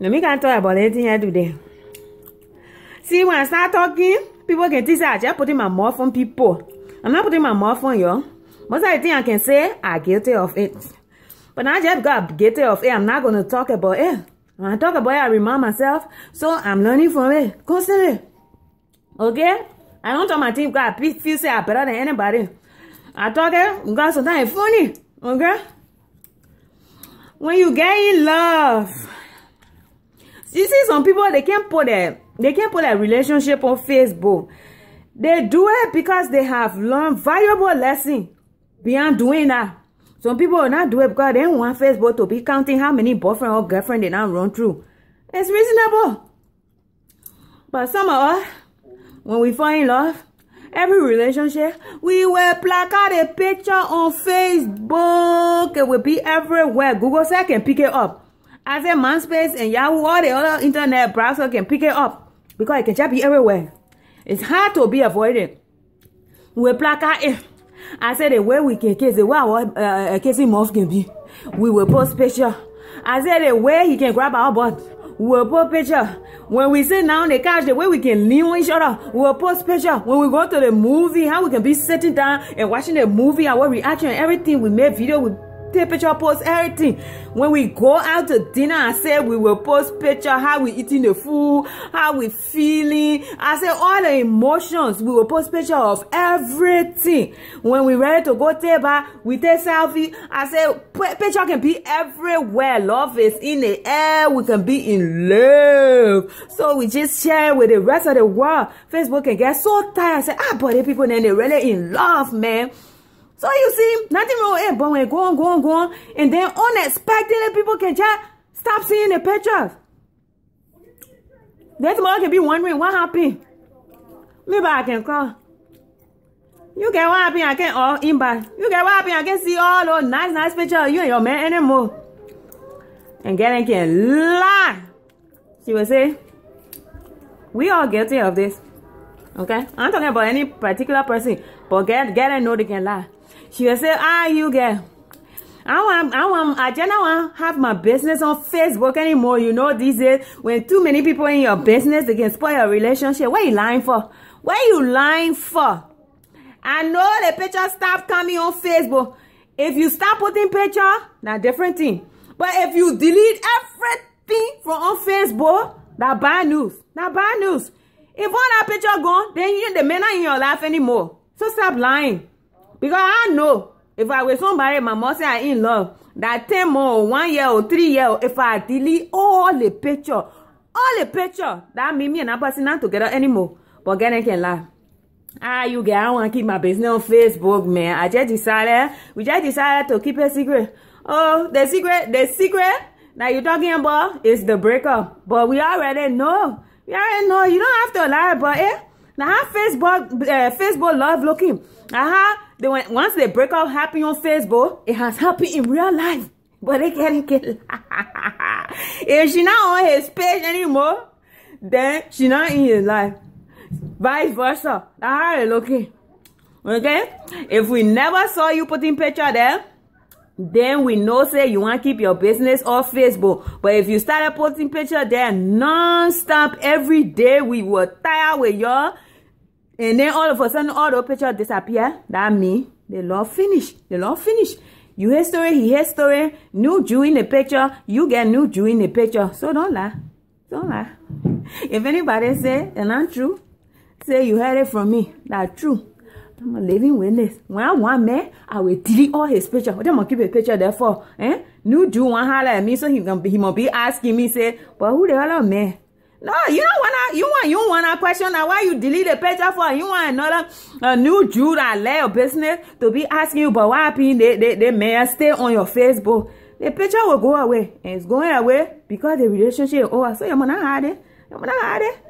Let me can talk about anything I do there. See, when I start talking, people can think I ah, just putting my mouth on people. I'm not putting my mouth on you. Most of the things I can say, i ah, guilty of it. But now I just got guilty of it. I'm not going to talk about it. When I talk about it, I remind myself. So I'm learning from it constantly. Okay? I don't talk my team because I feel say I'm better than anybody. I talk it because sometimes it's funny. Okay? When you get in love, you see some people, they can't put a they can't put their relationship on Facebook. They do it because they have learned valuable lesson beyond doing that. Some people will not do it because they don't want Facebook to be counting how many boyfriend or girlfriend they now run through. It's reasonable. But some of us, when we fall in love, every relationship, we will placard a picture on Facebook. It will be everywhere. Google search can pick it up. I said MySpace and Yahoo, all the other internet browser can pick it up because it can just be everywhere. It's hard to be avoided. We placard it. I said the way we can case, the way our uh, uh casing mouth can be, we will post picture. I said the way he can grab our butt, we will post picture. When we sit down on the couch, the way we can lean on each other, we will post picture. When we go to the movie, how we can be sitting down and watching the movie, our reaction, everything, we make video, with. Temperature, post everything. When we go out to dinner, I say we will post picture, how we eating the food, how we feeling. I say all the emotions, we will post picture of everything. When we ready to go table, we take selfie. I say picture can be everywhere. Love is in the air. We can be in love. So we just share with the rest of the world. Facebook can get so tired. I say, ah, but the people then they really in love, man. So you see, nothing wrong with it. But when go on, go on, go on, and then unexpectedly people can just stop seeing the pictures. why I can be wondering what happened. Maybe I can call. You get what happened, I can all inbox. You get what happened, I can see all those nice, nice pictures of you and your man anymore. And Galen can lie. She will say, we all guilty of this. Okay? I'm talking about any particular person. But Galen know they can lie. She will say, ah, you girl. I want, I want, I just don't want have my business on Facebook anymore. You know, these days, when too many people in your business, they can spoil your relationship. What you lying for? What you lying for? I know the picture stop coming on Facebook. If you stop putting picture, now different thing. But if you delete everything from on Facebook, that bad news. That bad news. If all that picture gone, then you the men are in your life anymore. So stop lying. because i know if i were somebody my mother say i in love that ten month one year or three year if i delete all the picture all the picture that mean me and that person not together anymore but gene can laugh ah you get i want to keep my business on facebook man i just decided we just decided to keep a secret oh the secret the secret that you talking about is the breakup but we already know we already know you don't have to lie but eh Now how Facebook, uh, Facebook love looking. Now uh-huh. how they went, once they break out happy on Facebook, it has happened in real life. But they can't get. if she not on his page anymore, then she not in his life. Vice versa. That's how looking. Okay? If we never saw you putting picture there, then we know say you want to keep your business off Facebook. But if you started posting picture there non-stop every day, we will tire with y'all. And then all of a sudden, all the pictures disappear. That mean the law finish. The law finish. You hear story, he hear story. New Jew in the picture. You get new Jew in the picture. So don't lie. Don't lie. If anybody say and not true, say you heard it from me. That true. I'm a living witness. When I want man, I will delete all his picture. What am I keep a picture there for? Eh? New Jew want holler at me, so he, he must be asking me, say, but who the hell are man? No, you don't wanna you want you wanna question now why you delete the picture for you want another a new Jew that left business to be asking you but what happened they they, they may stay on your Facebook. The picture will go away and it's going away because the relationship is over. So you're gonna hide it. You're gonna hide it.